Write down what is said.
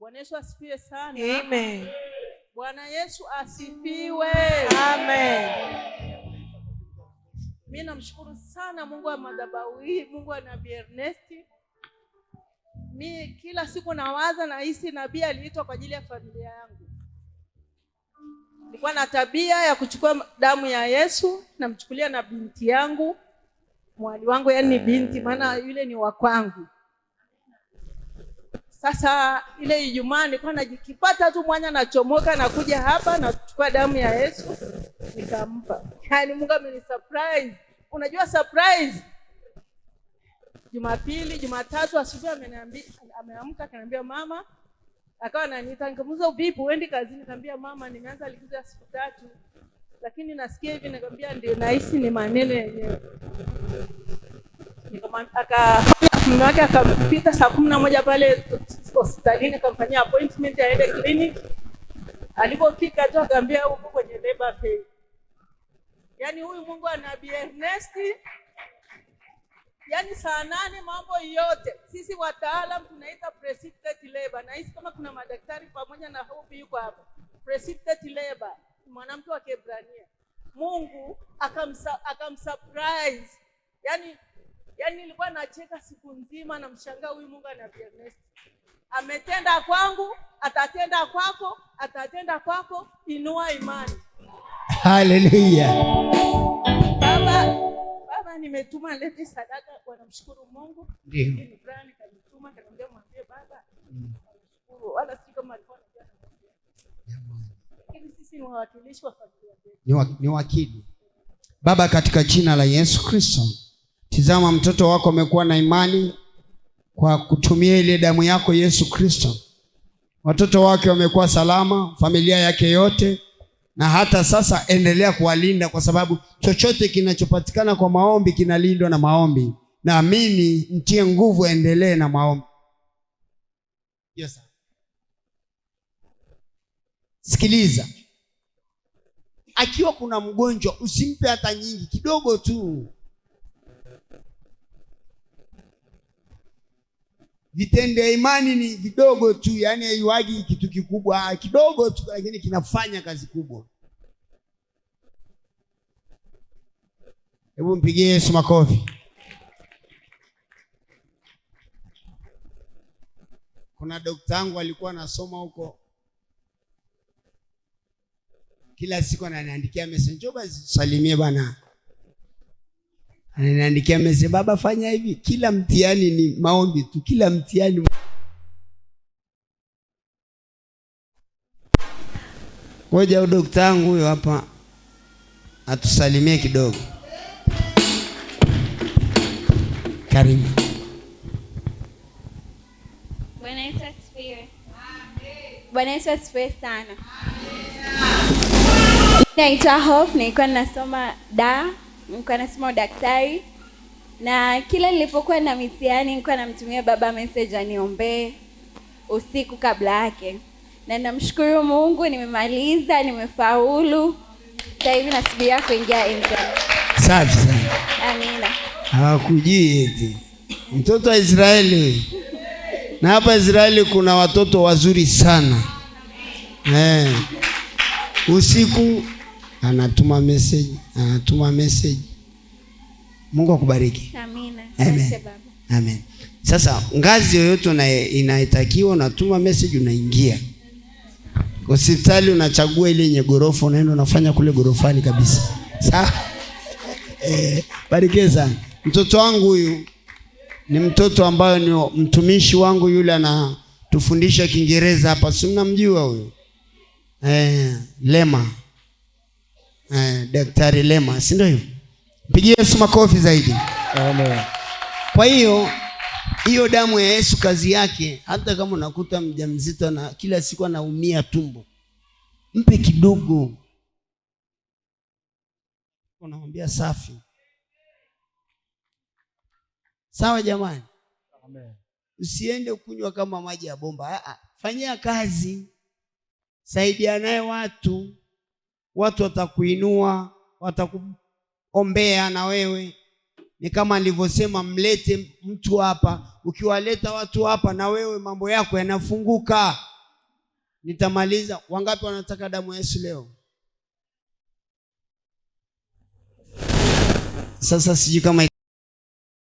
Bwana Yesu asifiwe sana. Amen. Bwana Yesu asifiwe. Amen. Mimi namshukuru sana Mungu wa madhabahu hii, Mungu wa Nabii Ernesti. Mi kila siku nawaza na hisi nabii aliitwa kwa ajili ya familia yangu. Nilikuwa na tabia ya kuchukua damu ya Yesu namchukulia na binti yangu mwali wangu, yaani ni binti, maana eh. yule ni wa kwangu sasa ile Ijumaa nilikuwa najikipata tu mwanya, nachomoka nakuja hapa kuchukua damu ya Yesu nikampa. Yaani Mungu ameni surprise. Unajua surprise? Jumapili, Jumatatu asubuhi ameniambia, ameamka akaniambia mama, akawa ananiita nikamuuliza, vipi uende kazini? Nikamwambia mama, nimeanza likizo ya siku tatu, lakini nasikia hivi. Nikamwambia ndio, nahisi ni maneno yenyewe. Nikamwambia aka mume wake akapita saa kumi na moja pale hospitalini akamfanyia appointment aende clinic. Alipofika tu akaambia huko kwenye labor pain. Yaani huyu Mungu ana Bi Ernest. Yaani saa nane mambo yote. Sisi wataalam tunaita precipitate labor. Na hisi kama kuna madaktari pamoja na hobi yuko hapa. Precipitate labor, mwanamke wa Kebrania. Mungu akamsa, akamsurprise. Yaani Yaani nilikuwa nacheka siku nzima, na namshangaa huyu Mungu ana Ernest. Ametenda kwangu, atatenda kwako, atatenda kwako. Inua imani. Haleluya. Baba, baba nimetuma lete sadaka, wanamshukuru Mungu. Ndio. Ni brani kanituma kanambia mwambie baba. Nashukuru. Wala si kama alikuwa anajua. Lakini sisi ni wawakilishi wa familia yetu. Ni wakili. Baba katika jina la Yesu Kristo. Tizama, mtoto wako amekuwa na imani kwa kutumia ile damu yako Yesu Kristo. Watoto wake wamekuwa salama, familia yake yote, na hata sasa endelea kuwalinda, kwa sababu chochote kinachopatikana kwa maombi kinalindwa na maombi. Naamini mtie nguvu, endelee na maombi. Yes. Sikiliza, akiwa kuna mgonjwa usimpe hata nyingi, kidogo tu vitendo ya imani ni vidogo tu, yaani haiwagi kitu kikubwa, ah, kidogo tu, lakini kinafanya kazi kubwa. Hebu mpigie Yesu makofi. Kuna dokta wangu alikuwa anasoma huko, kila siku ananiandikia message, njoo basi salimie bana ananiandikia mese, baba, fanya hivi. Kila mtihani ni maombi tu, kila mtihani. Ngoja udokta wangu huyo hapa atusalimie kidogo. Karibu. Bwana Yesu asifiwe. Bwana Yesu asifiwe sana. Naitwa Hope, nilikuwa ninasoma da nilikuwa nasoma udaktari, na kila nilipokuwa na mitihani nilikuwa namtumia baba message aniombee usiku kabla yake, na namshukuru Mungu, nimemaliza, nimefaulu. Sasa hivi nasubiria kuingia exam. Safi sana. Amina. Hawakujui eti mtoto wa Israeli na hapa Israeli kuna watoto wazuri sana eh. Usiku anatuma message, anatuma message. Mungu akubariki. Amina. Amen. Amen. Sasa ngazi yoyote una inaitakiwa, unatuma message, unaingia hospitali, unachagua ile yenye gorofa, unaenda unafanya kule gorofani kabisa. Sawa? Eh, barikie sana. Mtoto wangu huyu ni mtoto ambayo ni mtumishi wangu yule anatufundisha Kiingereza hapa, si mnamjua huyu eh, Lema eh, Daktari Lema, si ndio hivyo? Mpigie Yesu makofi zaidi. Amen. Kwa hiyo hiyo damu ya Yesu kazi yake, hata kama unakuta mjamzito na kila siku anaumia tumbo, mpe kidogo, unamwambia safi. Sawa jamani, Amen. Usiende kunywa kama maji ya bomba. Aa, ah, ah, fanyia kazi, saidia naye watu watu watakuinua, watakuombea na wewe. Ni kama nilivyosema, mlete mtu hapa. Ukiwaleta watu hapa, na wewe mambo yako yanafunguka. Nitamaliza. Wangapi wanataka damu ya Yesu leo? Sasa sijui kama